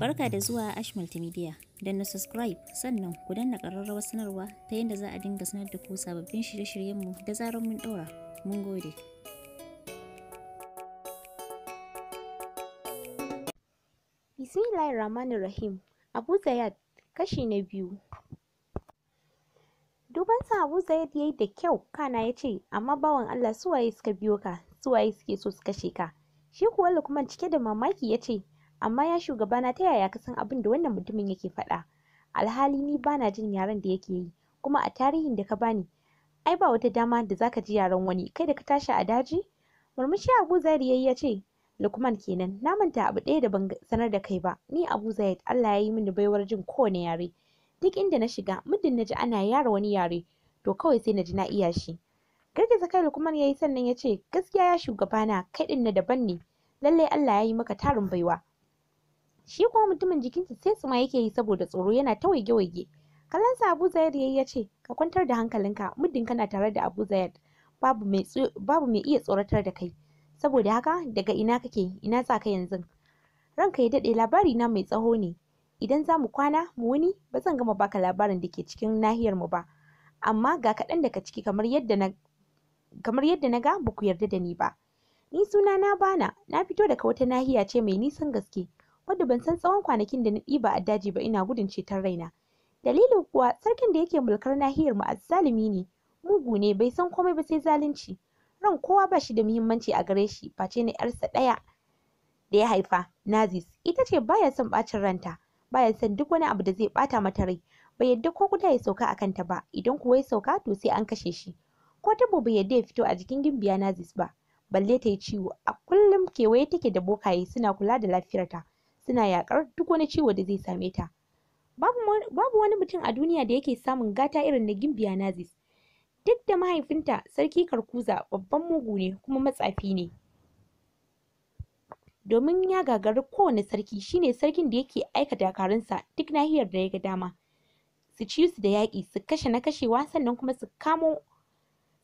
Barka da zuwa Ash Multimedia. Don na subscribe sannan ku danna ƙararrawar sanarwa ta yadda za a dinga sanar da ku sababbin shirye-shiryenmu da zarar mun ɗora. Mun gode. Bismillahir Rahmanir Rahim. Abu Zayad kashi na biyu. Duban sa Abu zayad yayi da kyau kana ya ce amma bawan Allah suwaye suka biyo ka suwaye suke so su kashe ka. Shi kuwa Lukman cike da mamaki ya ce amma ya shugaba na ta yaya ka san abin da wannan mutumin yake faɗa alhali ni bana jin yaren da yake yi kuma a tarihin da ka bani ai ba wata dama da zaka ji yaren wani kai da ka tashi a daji murmushi abu zariya ya ce lukman kenan na manta abu ɗaya da ban sanar da kai ba ni abu zayed allah ya yi mini baiwar jin kowane yare duk inda na shiga muddin na ji ana yara wani yare to kawai sai na ji na iya shi girgiza kai lukman ya yi sannan ya ce gaskiya ya shugabana kai ɗin na daban ne lallai allah ya yi maka tarin baiwa shi kuma mutumin jikinsa sai suma yake yi saboda tsoro yana ta waige-waige sa abu zayar yayi ya ce ka kwantar da hankalinka muddin kana tare da abu babu mai babu mai iya tsoratar da kai saboda haka daga ina kake ina za ka yanzu ranka ya daɗe labari na mai tsaho ne idan za mu kwana mu wuni ba zan gama baka labarin da ke cikin nahiyar mu ba amma ga kaɗan daga ciki kamar yadda na kamar yadda na ga ba ku yarda da ni ba ni suna na bana na fito daga wata nahiya ce mai nisan gaske wanda ban san tsawon kwanakin da na ɗiba a daji ba ina gudun ceton raina dalilin kuwa sarkin da yake mulkar nahiyar mu azzalumi ne mugu ne bai san komai ba sai zalunci ran kowa ba shi da muhimmanci a gare shi face na yarsa ɗaya da ya haifa nazis ita ce baya son ɓacin ranta baya son duk wani abu da zai ɓata mata rai bai yadda ko guda ya sauka a kanta ba idan kuwa ya sauka to sai an kashe shi ko tabo bai yadda ya fito a jikin gimbiya nazis ba balle ta yi ciwo a kullum kewaye take da bokaye suna kula da lafiyarta suna yakar duk wani ciwo da zai same ta babu wani mutum a duniya da yake samun gata irin na gimbiya nazis duk da mahaifinta sarki karkuza babban mugu ne kuma matsafi ne domin ya gagari kowane sarki shine sarkin da yake aika dakarunsa duk nahiyar da ya ga dama su ci su da yaƙi su kashe na kashewa sannan kuma su kamo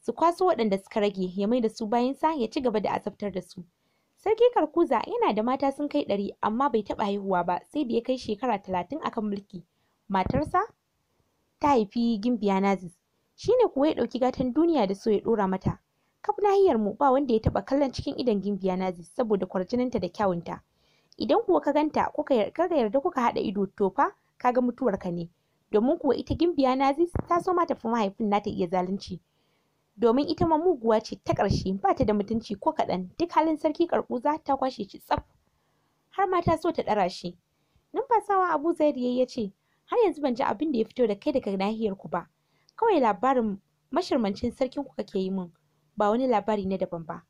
su kwaso waɗanda suka rage ya mai da su bayan sa ya ci gaba da azabtar da su Sarki Karkuza yana da mata sun kai ɗari amma bai taɓa haihuwa ba sai da ya kai shekara talatin akan mulki. Matarsa ta haifi Gimbiya Nazis. Shi ne kuwa ya ɗauki gatan duniya da so ya ɗora mata. Kaf nahiyar ba wanda ya taɓa kallon cikin idon Gimbiya Nazis saboda kwarjininta da kyawunta. Idan kuwa ka ganta ko ka yarda kuka haɗa ido to fa ka kaga mutuwarka ne. Domin kuwa ita Gimbiya Nazis ta so ma tafi mahaifin nata iya zalunci. domin ita ma muguwa ce ta ƙarshe ba ta da mutunci ko kaɗan duk halin sarki karɓuza ta kwashe shi tsaf har ma ta so ta ɗara shi numfasawa abu zairi ya ce har yanzu ban ji abin da ya fito da kai daga nahiyar ku ba kawai labarin mashirmancin sarkin ku kake yi min ba wani labari na daban ba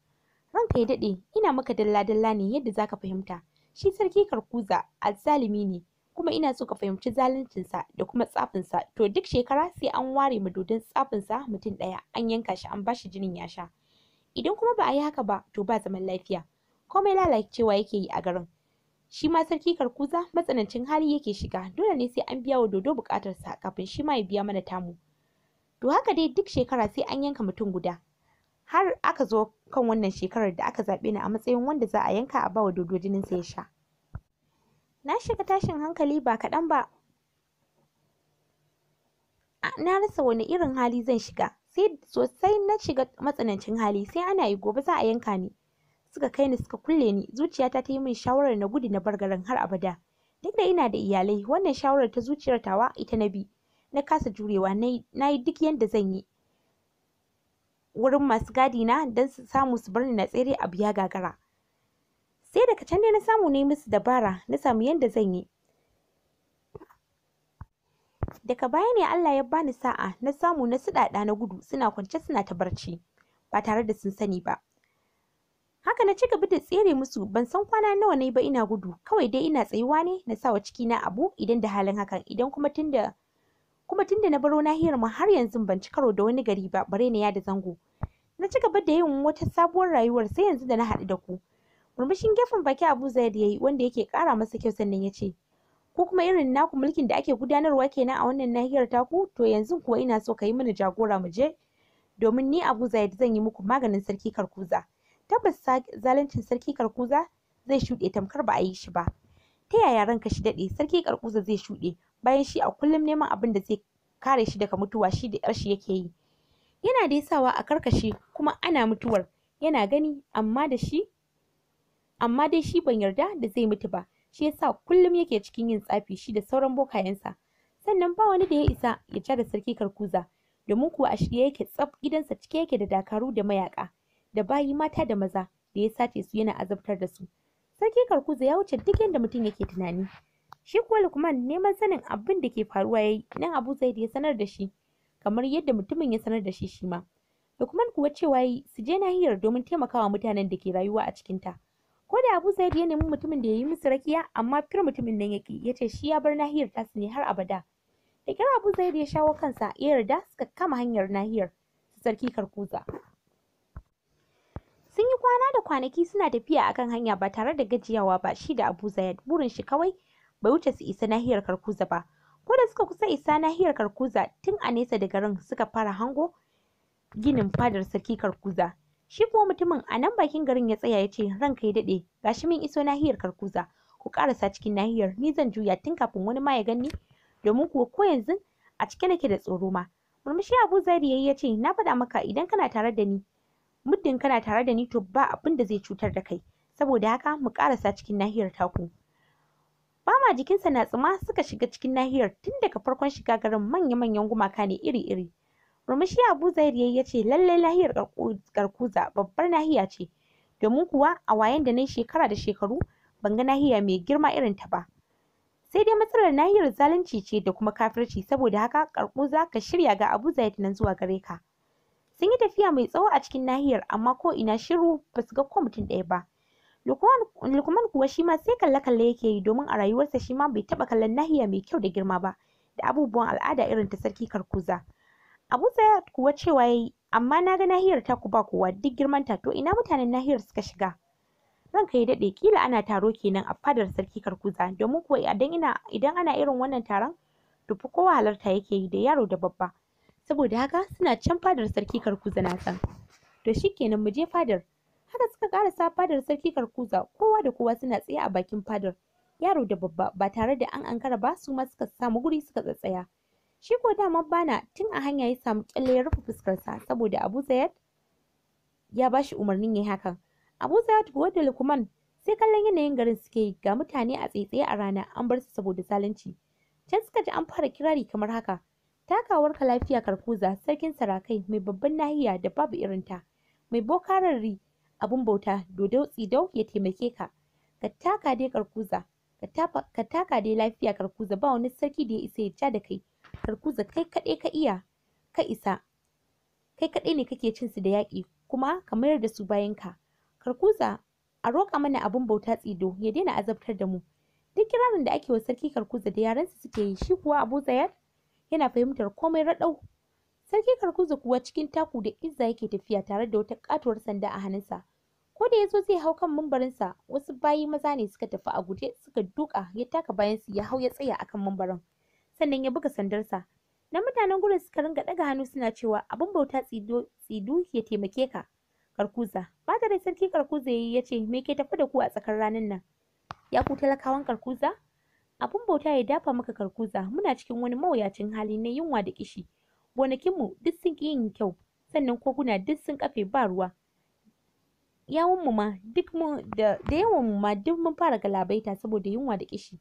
ranka ya daɗe ina maka dalla dalla ne yadda zaka fahimta shi sarki karkuza azzalimi ne kuma ina so ka fahimci zaluncinsa da kuma tsafinsa to duk shekara sai an ware madudin tsafinsa mutum ɗaya an yanka shi an bashi jinin ya sha idan kuma ba a yi haka ba to ba zaman lafiya komai lalacewa yake yi a garin shi ma sarki karkuza matsanancin hali yake shiga dole ne sai an biya wa dodo sa, kafin shi ma ya biya mana tamu to haka dai duk shekara sai an yanka mutum guda har aka zo kan wannan shekarar da aka zaɓe ni a matsayin wanda za a yanka a ba wa dodo jininsa ya sha na shiga tashin hankali ba kaɗan ba na rasa wani irin hali zan shiga sai sosai na shiga matsanancin hali sai ana yi gobe za a yanka ni suka kai ni suka kulle ni zuciyata ta yi min shawarar na gudu na bar garin har abada duk da ina da iyalai wannan shawarar ta zuciyar tawa ita na bi na kasa jurewa na yi duk yadda zan yi wurin masu gadi na don su samu su bar ni na tsere a biya gagara sai daga can dai na samu ne musu dabara na samu yadda zan yi daga baya ne Allah ya bani sa'a na samu na suɗaɗa na gudu suna kwance suna ta barci ba tare da sun sani ba haka na ci gaba da tsere musu ban san kwana nawa ne ba ina gudu kawai dai ina tsayuwa ne na sawa ciki na abu idan da halin hakan idan kuma tunda kuma tunda na baro nahiyar mu har yanzu ban ci karo da wani gari ba bare na ya da zango na ci gaba da yin wata sabuwar rayuwar sai yanzu da na haɗu da ku murmushin gefen baki abu zaid ya yi wanda yake kara masa kyau sannan ya ce ko kuma irin naku mulkin da ake gudanarwa kenan a wannan nahiyar taku to yanzu kuwa ina so ka yi mini jagora mu je domin ni abu zaid zan yi muku maganin sarki karkuza tabbas zaluncin sarki karkuza zai shuɗe tamkar ba a yi shi ba ta yaya ranka shi daɗe sarki karkuza zai shuɗe bayan shi a kullum neman abin da zai kare shi daga mutuwa shi da 'yarshi yake yi yana dai sawa a karkashe kuma ana mutuwar yana gani amma da shi amma dai shi ban yarda da zai mutu ba shi yasa kullum yake cikin yin tsafi shi da sauran bokayensa sannan ba wani da ya isa ya ca da sarki karkuza domin kuwa a shirye yake tsaf gidansa cike yake da dakaru da mayaka da bayi mata da maza da ya sace su yana azabtar da su sarki karkuza ya wuce duk yadda mutum yake tunani shi kuwa lukman neman sanin abin da ke faruwa yayi nan abu zaid ya sanar da shi kamar yadda mutumin ya sanar da shi shi ma lukman kuwa cewa yi su je nahiyar domin taimakawa mutanen da ke rayuwa a cikinta ko da Abu Zaid ya nemi mutumin da ya yi musu rakiya amma fir mutumin nan yake ya shi ya bar nahiyar tas ne har abada da kira Abu Zaid ya shawo kansa ya yarda suka kama hanyar nahiyar sarki Karkuza sun yi kwana da kwanaki suna tafiya akan hanya ba tare da gajiyawa ba shi da Abu Zaid burin shi kawai bai wuce su isa nahiyar Karkuza ba ko da suka kusa isa nahiyar Karkuza tun a nesa da garin suka fara hango ginin fadar sarki Karkuza Shi kuwa mutumin a nan bakin garin ya tsaya ya ce ranka ya daɗe gashi min iso nahiyar Karkuza ku karasa cikin nahiyar ni zan juya tun kafin wani ma ya ganni domin kuwa ko yanzu a cike nake da tsoro ma. Murmushi Abu Zari yayi ya ce na faɗa maka idan kana tare da ni muddin kana tare da ni to ba abin da zai cutar da kai saboda haka mu karasa cikin nahiyar taku. Bama jikinsa na tsuma suka shiga cikin nahiyar tun daga farkon shiga garin manya-manyan gumaka ne iri-iri. murmushi abu zahir ya ce lalle lahiyar garkuza babbar nahiya ce domin kuwa a wayan da nayi shekara da shekaru ban ga nahiya mai girma irin ta ba sai dai matsalar nahiyar zalunci ce da kuma kafirci saboda haka garkuza ka shirya ga abu zahir nan zuwa gare ka sun yi tafiya mai tsawo a cikin nahiyar amma ko ina shiru ba su ga ko mutum ɗaya ba Lukman kuwa shi ma sai kalle-kalle yake yi domin a rayuwarsa shi ma bai taɓa kallon nahiya mai kyau da girma ba da abubuwan al'ada irin ta sarki Karkuza. Abu Zayyad kuwa cewa yayi amma na ga nahiyar taku ba kowa duk girman ta, to ina mutanen nahiyar suka shiga. Ranka ya dade, kila ana taro kenan a fadar sarki Karkuza domin kuwa idan ina idan ana irin wannan taron tufi kowa halarta yake yi da yaro da babba. Saboda haka suna can fadar sarki Karkuza na san. To shikenan mu je fadar. Haka suka karasa fadar sarki Karkuza kowa da kowa suna tsaye a bakin fadar. Yaro da babba ba tare da an ankara ba su ma suka samu guri suka tsatsaya. Shi ko dama bana tun a hanya ya samu kyalle ya rufe fuskarsa saboda Abu Zayyad ya bashi umarnin yayi hakan. Abu Zayyad ko da Lukman sai kallon yanayin garin suke yi ga mutane a tsaitsaye a rana an bar su saboda zalunci. Can suka ji an fara kirari kamar haka. Takawar ka lafiya karkuza sarkin sarakai mai babban nahiya da babu irin ta. Mai bokarari abun bauta dodo tsidau ya taimake ka. Ka taka dai karkuza, ka taka dai lafiya karkuza ba wani sarki da ya isa ya ja da kai. karkuza kai kaɗai ka iya ka isa kai kaɗai ne kake cin su da yaƙi kuma ka mayar da su bayan ka. Karkuza a roƙa mana abin bauta tsido ya daina azabtar da mu. Duk kirarin da ake wa sarki Karkuza da yarensa suke yi shi kuwa Abu Zayar yana fahimtar komai raɗau. Sarki Karkuza kuwa cikin taku da izza yake tafiya tare da wata katuwar sanda a hannunsa. Ko da ya zo zai hau kan sa, wasu bayi maza ne suka tafi a guje suka duka ya taka bayan su ya hau ya tsaya akan mambaran. sannan ya buga sandarsa na mutanen gurin suka ringa ɗaga hannu suna cewa abin bauta tsidu ya taimake ka karkuza ba da rai sarki karkuza yi ya ce me ke tafi da ku a tsakar ranar nan ya ku talakawan karkuza abin bauta ya dafa maka karkuza muna cikin wani mawuyacin hali na yunwa da kishi gonakinmu duk sun ƙi yin kyau sannan koguna duk sun kafe ba ruwa yawunmu ma duk mu ma duk mun fara galabaita saboda yunwa da kishi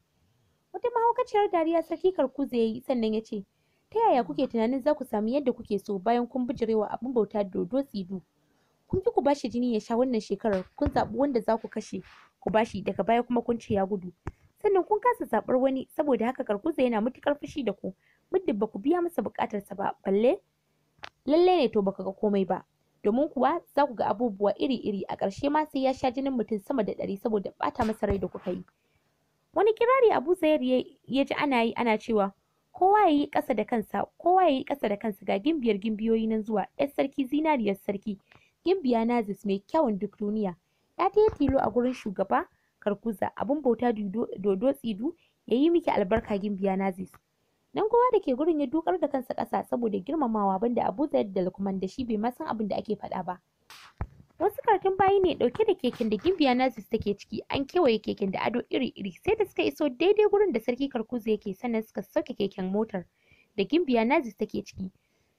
wata mahaukaciyar dariya sarki karkuze ya yi sannan ya ce ta yaya kuke tunanin za ku samu yadda kuke so bayan kun bijirewa abin bauta dodo tsidu kun ki ku bashi jini ya sha wannan shekarar kun zaɓi wanda za ku kashe ku bashi daga baya kuma kun ce ya gudu sannan kun kasa zaɓar wani saboda haka karkuza yana matuƙar fushi da ku muddin ba ku biya masa buƙatarsa ba balle lalle ne to baka ga komai ba domin kuwa za ku ga abubuwa iri-iri a ƙarshe ma sai ya sha jinin mutum sama da ɗari saboda ɓata masa rai da kuka yi wani kirari abu zayar ya ji ana yi ana cewa kowa ya yi ƙasa da kansa kowa ya yi ƙasa da kansa ga gimbiyar gimbiyoyi nan zuwa yar sarki zinariyar sarki gimbiya nazis mai kyawun duk duniya ya ta yi tilo a gurin shugaba karkuza abin bauta dodo tsidu ya yi miki albarka gimbiya nazis nan kowa da ke gurin ya dukar da kansa kasa saboda girmamawa banda abu zayar da lukman da shi bai ma san abin da ake faɗa ba wasu karatun bayi ne dauke da keken da gimbiya nazis take ciki an kewaye keken da ado iri-iri sai da suka iso daidai gurin da sarki karkuzu yake sannan suka sauke keken motar da gimbiya nazis take ciki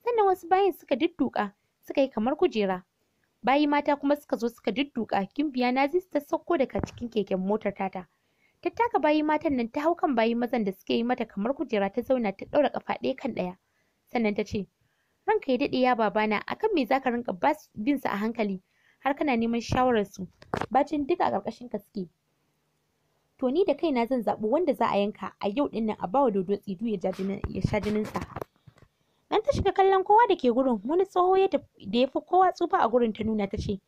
sannan wasu bayin suka dudduka suka yi kamar kujera bayi mata kuma suka zo suka dudduka gimbiya nazis ta sauko daga cikin keken motar tata ta taka bayi matan nan ta hau kan bayi mazan da suke yi mata kamar kujera ta zauna ta ɗaura kafa ɗaya kan ɗaya sannan ta ce ranka ya daɗe ya babana akan me zaka rinka bin su a hankali har kana neman shawarar su bacin duka a ƙarƙashin ka suke to ni da kaina zan zaɓi wanda za a yanka a yau ɗin nan a bawa dodo tsidu ya sha jinin sa nan ta shiga kallon kowa da ke gurin wani tsoho da ya fi kowa tsufa a gurin ta nuna ta ce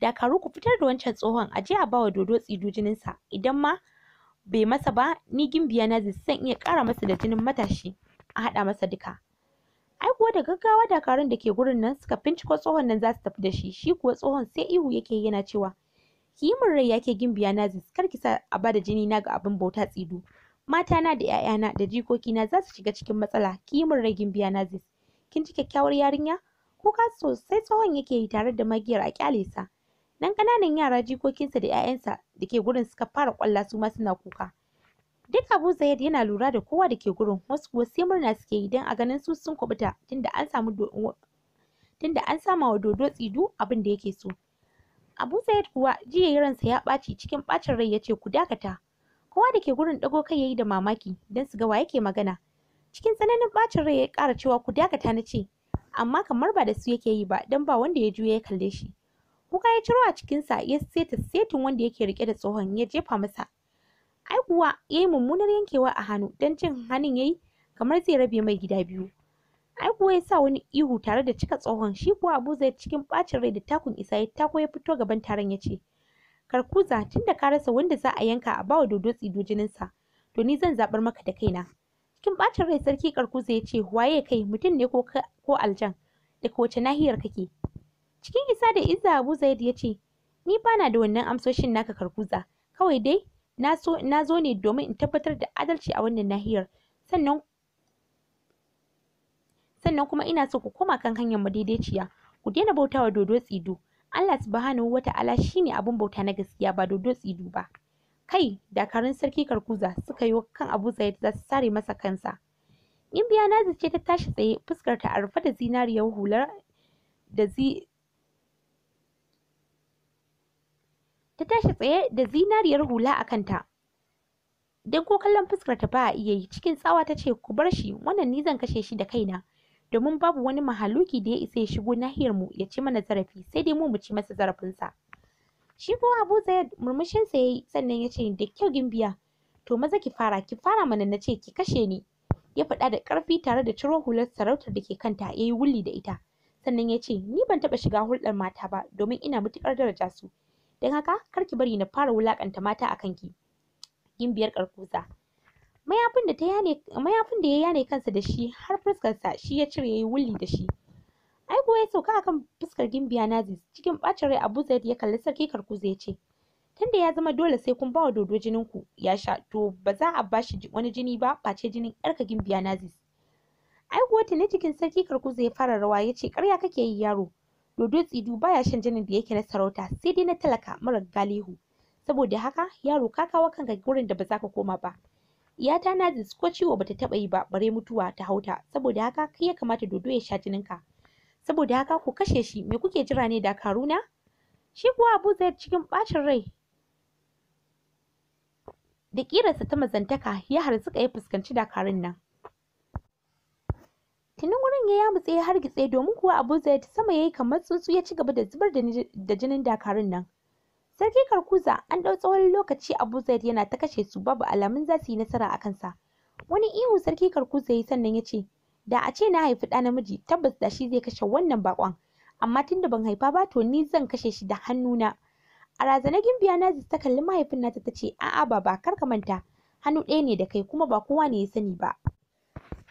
dakaru ku fitar da wancan tsohon a je a bawa dodo tsidu jinin sa idan ma bai masa ba ni gimbiya na san iya ƙara masa da jinin matashi a haɗa masa duka ai kuwa da gaggawa dakarun da ke gurin nan suka binciko tsohon nan za su tafi da shi shi kuwa tsohon sai ihu yake yana cewa ki min rai yake gimbiya nazis kar ki sa a ba da jini na ga abin bauta tsidu Mata na da 'ya'yana da na za su shiga cikin matsala ki min rai gimbiya nazis kin ji kyakkyawar yarinya kuka sosai tsohon yake yi tare da magiyar a ƙyale sa nan ƙananan yara jikokinsa da 'ya'yansa da ke gurin suka fara kwalla su ma suna kuka duk abu zaid yana lura da kowa da ke gurin wasu kuwa sai murna suke yi don a ganin su sun kubuta tunda an samu tunda an sama wa dodo tsidu abin da yake so abu zaid kuwa jiya ransa ya ɓaci cikin ɓacin rai ya ce ku dakata kowa da ke gurin ɗago kai yayi da mamaki don su ga wa yake magana cikin tsananin ɓacin rai ya ƙara cewa ku dakata na ce amma kamar ba da su yake yi ba don ba wanda ya juya ya kalle shi kuka ya ciro a cikinsa ya seta setin wanda yake rike da tsohon ya jefa masa ai kuwa ya yi mummunar yankewa a hannu don cin hannun ya yi kamar zai rabe mai gida biyu ai kuwa ya sa wani ihu tare da cika tsohon shi kuwa abu zai cikin bacin rai da takun isa ya tako ya fito gaban taron ya ce karkuza tunda ka rasa wanda za a yanka a bawa dodo tsido jininsa to ni zan zabar maka da kaina cikin bacin rai sarki karkuza ya ce waye kai mutum ne ko ko aljan daga wace nahiyar kake cikin isa da izza abu zaid ya ce ni bana da wannan amsoshin naka karkuza kawai dai na zo ne domin in tabbatar da adalci a wannan nahiyar sannan sannan kuma ina so ku koma kan hanyar madaidaiciya ku daina bautawa dodo tsido Allah subhanahu wata'ala shine abun bauta na gaskiya ba dodo tsido ba kai dakarun sarki karkuza suka yi kan Abu zai za su sare masa kansa biya Nazi ce ta tashi tsaye fuskar ta a rufe da zinariyar hular da zi ta tashi tsaye da zinariyar hula a kanta don ko kallon fuskar ta ba a iya yi cikin tsawa ta ce ku bar shi wannan ni zan kashe shi da kaina domin babu wani mahaluki da ya isa ya shigo nahiyar mu ya ci mana zarafi sai dai mu mu ci masa zarafinsa shi ko Abu ya murmushin sa yayi sannan ya ce da kyau gimbiya to maza ki fara ki fara mana na ce ki kashe ni ya faɗa da ƙarfi tare da ciro hular sarautar da ke kanta ya yi wulli da ita sannan ya ce ni ban taɓa shiga hulɗar mata ba domin ina matuƙar daraja su don haka kar ki bari na fara wulakanta mata a kanki gimbiyar karkusa mayafin da ya yane kansa da shi har fuskarsa shi ya cire yayi wulli da shi ai ya sauka akan fuskar gimbiya nazis cikin bacin rai abu zaid ya kalli sarki karkuza ya ce tunda ya zama dole sai kun bawa dodo jinin ku ya sha to ba za a bashi wani jini ba face jinin yarka gimbiya nazis ai kuwa tuni cikin sarki karkuza ya fara rawa ya ce karya kake yi yaro dodo tsidu baya shan jinin da yake na sarauta sai dai na talaka mara galihu saboda haka yaro ka kawo kanka gurin da ba za ka koma ba iyata na ji ko ciwo bata taba yi ba bare mutuwa ta hauta saboda haka kai ya kamata dodo ya sha jininka saboda haka ku kashe shi me kuke jira ne da karuna shi kuwa abu zai cikin bacin rai da kirarsa ta mazantaka ya harzuka ya fuskanci dakarun nan Tuni wurin ya tsaye har gitse domin kuwa Abu Zaid sama yayi kamar tsuntsu ya ci gaba da zubar da jinin dakarun nan. Sarki Karkuza an ɗau tsawon lokaci Abu zai yana ta kashe su babu alamun za su yi nasara a kansa. Wani ihu Sarki Karkuza ya sannan ya ce, Da a ce na haifi ɗa namiji tabbas da shi zai kashe wannan bakon, amma tunda ban haifa ba to ni zan kashe shi da hannuna. A razana gimbiya na ta kalli mahaifin nata ta ce, A'a baba kar ka manta, hannu ɗaya ne da kai kuma ba kowa ne ya sani ba.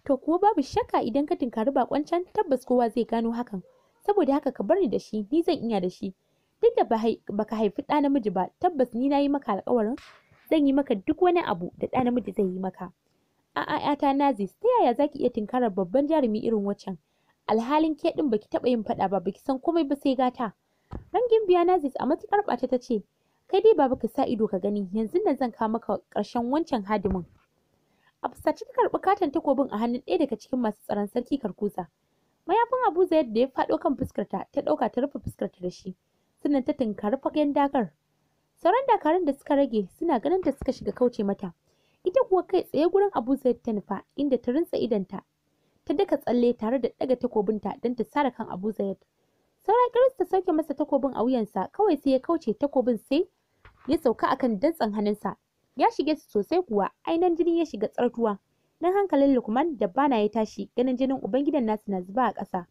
to kuwa babu shakka idan ka tinkari bakon can tabbas kowa zai gano hakan saboda haka ka bar ni da shi ni zan iya da shi duk da baka haifi ɗa namiji ba tabbas ni na yi maka alƙawarin. zan yi maka duk wani abu da ɗa namiji zai yi maka a'a yata nazis ta yaya zaki iya tunkarar babban jarumi irin waccan alhalin ke din baki taɓa yin faɗa ba baki san komai ba sai gata rangin biya nazis a matukar ɓata ta ce kai dai baba ka sa ido ka gani yanzu nan zan kawo maka ƙarshen wancan hadimin a fusace ta karɓi katon takobin a hannun ɗaya daga cikin masu tsaron sarki karkusa mayafin abu yadda da ya faɗo kan fuskarta ta ɗauka ta rufe fuskarta da shi sannan ta tunkari fagen dakar sauran dakarun da suka rage suna ganin ta suka shiga kauce mata ita kuwa kai tsaye gurin abu ta nufa inda ta rinsa idanta ta daka tsalle tare da ɗaga ta don ta sare kan abu zayed sauran kiris ta sauke masa takobin a wuyansa kawai sai ya kauce takobin sai ya sauka akan dantsen hannunsa ya shige su sosai kuwa ainihin jini ya shiga tsartuwa nan hankalin lukman da bana ya tashi ganin jinin ubangidan nasu na zuba a ƙasa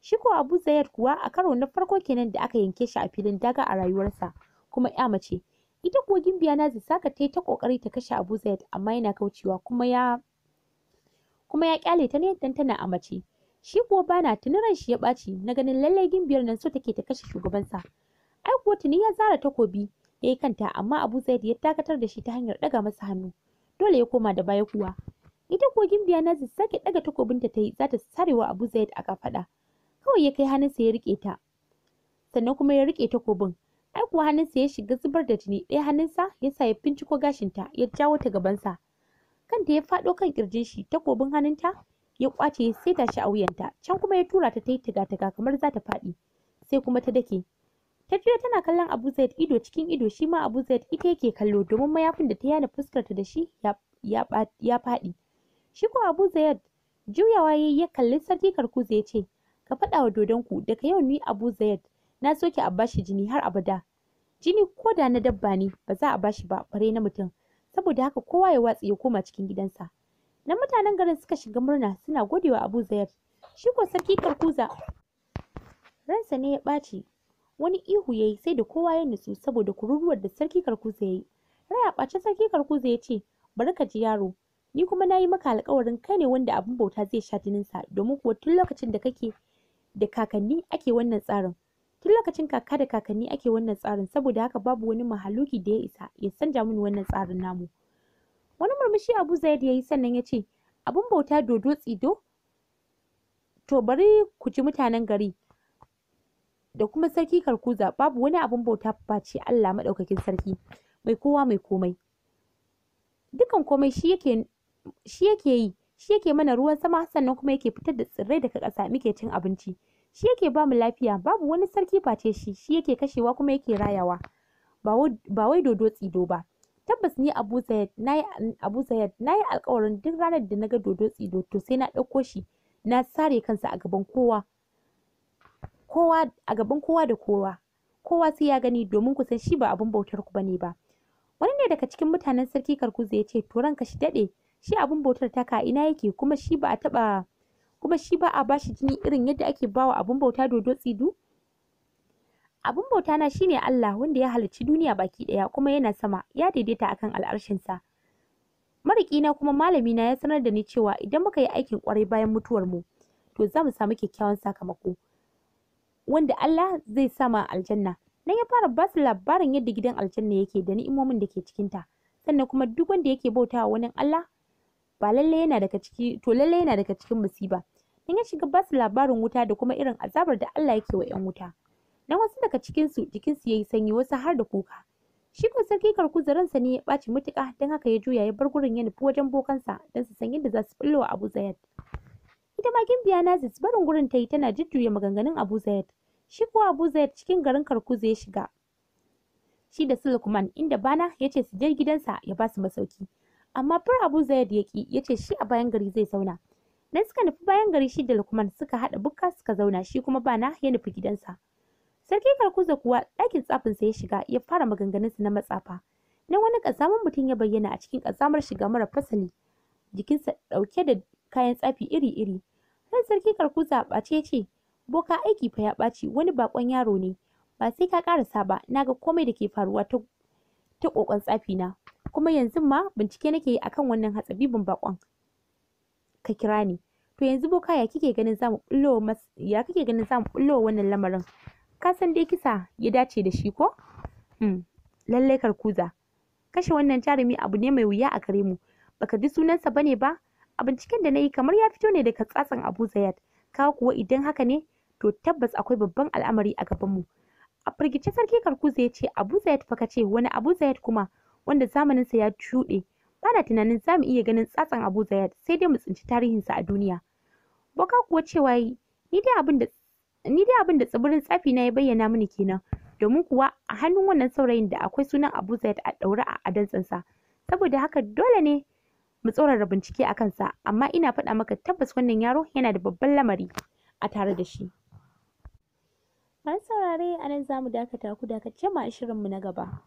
shi ko abu zayyad kuwa a karo na farko kenan da aka yanke shi a filin daga a rayuwarsa kuma ya mace ita kuwa gimbiya na zisaka ta yi ta kokari ta kashe abu zayyad amma yana kaucewa kuma ya kuma ya kyale ta ne dan tana a mace shi kuwa bana tuni ran shi ya ɓaci na ganin lallai gimbiyar nan so take ta kashe shugabansa ai kuwa tuni ya zara takobi ya yi kanta amma abu zaid ya dakatar da shi ta hanyar daga masa hannu dole ya koma da baya kuwa ita ko gimbiya zai sake daga takobinta ta yi za ta sarewa abu zaid a kafada kawai ya kai hannunsa ya rike ta sannan kuma ya rike takobin ai kuwa hannunsa ya shiga zubar da jini ɗaya hannunsa ya sa ya binciko gashinta ya jawo ta gabansa kanta ya faɗo kan kirjin shi takobin hannunta ya kwace ya saita shi a wuyanta can kuma ya tura ta ta yi tagataga kamar za ta faɗi sai kuma ta dake ta tana kallon abu zaid ido cikin ido shi ma abu zaid ita yake kallo domin mayafin da ta yana fuskarta da shi ya faɗi shi ko abu zaid juyawa ya ya kalli sarki karkuza ya ce ka faɗa wa dodonku daga yau ni abu zaid na soke a bashi jini har abada jini ko da na dabba ne ba za a bashi ba bare na mutum saboda haka kowa ya watsi ya koma cikin gidansa na mutanen garin suka shiga murna suna godewa abu Zaid. shi ko sarki karkuza ransa ne ya ɓaci wani ihu ya yi sai da kowa ya nutsu saboda kururuwar da sarki karkuza ya yi raya ɓace sarki karkuza ya ce bari ka ji yaro ni kuma na yi maka alkawarin kai ne wanda abin bauta zai sha jininsa domin kuwa tun lokacin da kake da kakanni ake wannan tsarin tun lokacin kaka da kakanni ake wannan tsarin saboda haka babu wani mahaluki da ya isa ya canja mini wannan tsarin namu wani murmushi abu zaid ya yi sannan ya ce abin bauta dodo tsido to bari ku ji mutanen gari da kuma sarki karkuza babu wani abin bauta face Allah maɗaukakin sarki mai kowa mai komai dukan komai shi yake shi yake yi shi yake mana ruwan sama sannan kuma yake fitar da tsirrai daga ƙasa muke cin abinci shi yake ba mu lafiya babu wani sarki face shi shi yake kashewa kuma yake rayawa ba wai dodo tsido ba tabbas ni Abu Sayyad nayi Abu nayi alƙawarin duk ranar da naga dodo tsido to sai na ɗauko shi na sare kansa a gaban kowa kowa a gaban kowa da kowa kowa sai ya gani domin ku san shi ba abun bautar ku bane ba wani ne daga cikin mutanen sarki karkuza ya ce to ranka shi dade shi abun bautar ta ka ina yake kuma shi ba a taba kuma shi ba a bashi jini irin yadda ake bawa abun bauta dodo tsidu abun bauta na shine Allah wanda ya halicci duniya baki daya kuma yana sama ya daidaita akan mariki na kuma malami na ya sanar da ni cewa idan muka yi aikin kwarai bayan mutuwar mu to za mu samu kyakkyawan sakamako wanda Allah zai sama aljanna nan ya fara basu labarin yadda gidan aljanna yake da ni'imomin da ke cikinta sannan kuma duk wanda yake bautawa wani Allah ba lalle yana daga ciki to lalle yana daga cikin musiba nan ya shiga basu labarin wuta da kuma irin azabar da Allah yake wa 'yan wuta nan wasu daga cikin su jikin su yayi sanyi wasu har da kuka shi ko sarki karkuza sa ne ya ɓaci mutuƙa don haka ya juya ya bar gurin ya nufi wajen bokansa don su san yadda za su ɓullo Abu Zayyad ita ma gimbiya nazis barin gurin ta yi tana jujjuya maganganun abu zayed shi kuwa abu zayed cikin garin karkuzu ya shiga shi da sulkuman inda bana ya ce su je gidansa ya ba su masauki amma fur abu zayed ya ki ya ce shi a bayan gari zai zauna nan suka nufi bayan gari shi da lukman suka haɗa bukka suka zauna shi kuma bana ya nufi gidansa sarki karkuza kuwa ɗakin tsafinsa ya shiga ya fara maganganunsa na matsafa nan wani ƙazamin mutum ya bayyana a cikin ƙazamar shiga mara fasali jikinsa ɗauke da kayan tsafi iri-iri Kan sarki karkuza ɓace ce, boka aiki fa ya ɓaci wani bakon yaro ne, ba sai ka ƙarasa ba na ga komai da ke faruwa ta ta ƙoƙon tsafi na. Kuma yanzu ma bincike nake yi akan wannan hatsabibin bakon. Ka kira ni. To yanzu boka ya kike ganin zamu bullo ya kike ganin zamu bullo wannan lamarin? Ka san dai kisa ya dace da shi ko? Hmm. Lallai karkuza. Kashe wannan jarumi abu ne mai wuya a kare mu. Baka ji sunansa bane ba? a binciken da na yi kamar ya fito ne daga tsatsan abu zayat kawo kuwa idan haka ne to tabbas akwai babban al'amari a gabanmu a firgice sarki karkuza ya ce abu zayat fa ce wani abu zayat kuma wanda zamaninsa ya shuɗe bana tunanin za mu iya ganin tsatsan abu zayat sai dai mu tsinci tarihinsa a duniya boka kuwa cewa yi ni da ni dai abin da tsibirin tsafi na ya bayyana mini kenan domin kuwa a hannun wannan saurayin da akwai sunan abu zayat a ɗaure a adantsansa saboda haka dole ne mu tsorara bincike a kansa amma ina faɗa maka tabbas wannan yaro yana da babban lamari a tare da shi An saurare a nan za mu dakata ku dakace ma shirinmu na gaba.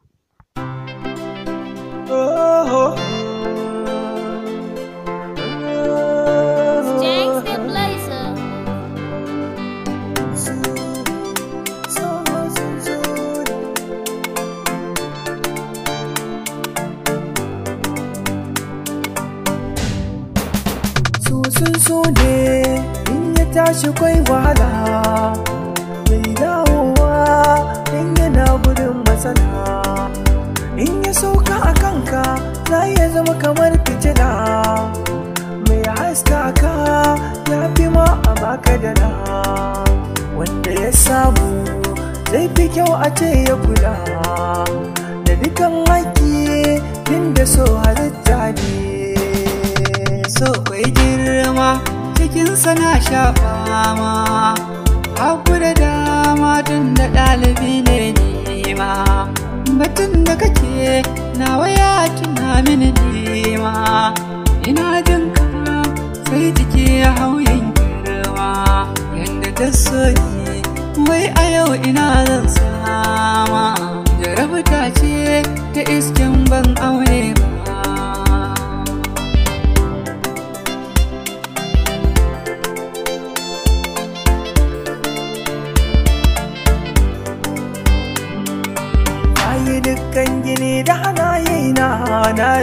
sun so ne in ya tashi kwai wahala Mai dawowa in yana gudun matsala in ya sauka a kanka za iya zama kamar fitila mai haska ka ya fi ma a baka da na wanda ya samu zai fi kyau a ce ya kula da dukan haƙi inda so halitta ne so kwai girma cikin sana sha fama haku da dama tun da ɗalibi ne nema batun da kake nawa ya tuna mini nema ina jin ka sai jiki ya hau yin girma yadda ta so wai a yau ina zan sama jarabta ce ta iskin ban aure ba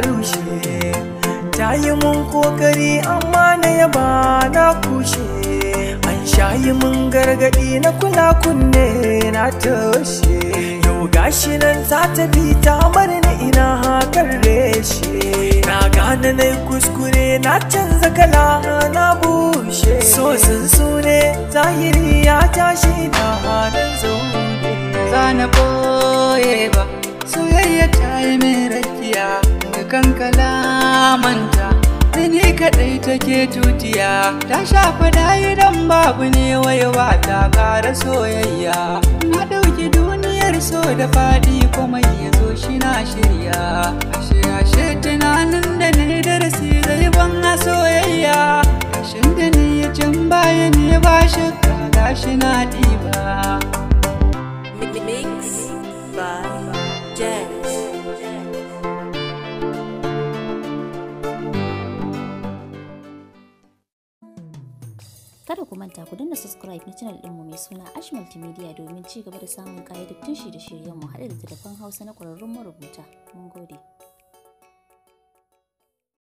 rushe ta yi mun kokari amma na yaba na kushe an shayi mun gargadi na kula kunne na taushe. yau gashi nan ta tafi ta ni ina hakan reshe na gane na kuskure na canza kala na bushe so sun ne zahiri ya tashi na hannun zaune za na boye ba soyayya ta yi min rakiya kankala manta ne kadai take tutiya ta shafa dayi dan babu ne waiwa ta kara soyayya na dauki duniyar so da fadi kuma ya zo shi na shirya ashe ashe tunanin da ne darasi zai ban a soyayya ashin da ni ya can baya ne ba shakka gashi na diba Mix by za ku manta ku danna subscribe na channel ɗinmu mai suna Ash Multimedia domin ci gaba da samun ƙayyadattun shi da mu haɗa da hausa na ƙwararrun marubuta. Mun gode.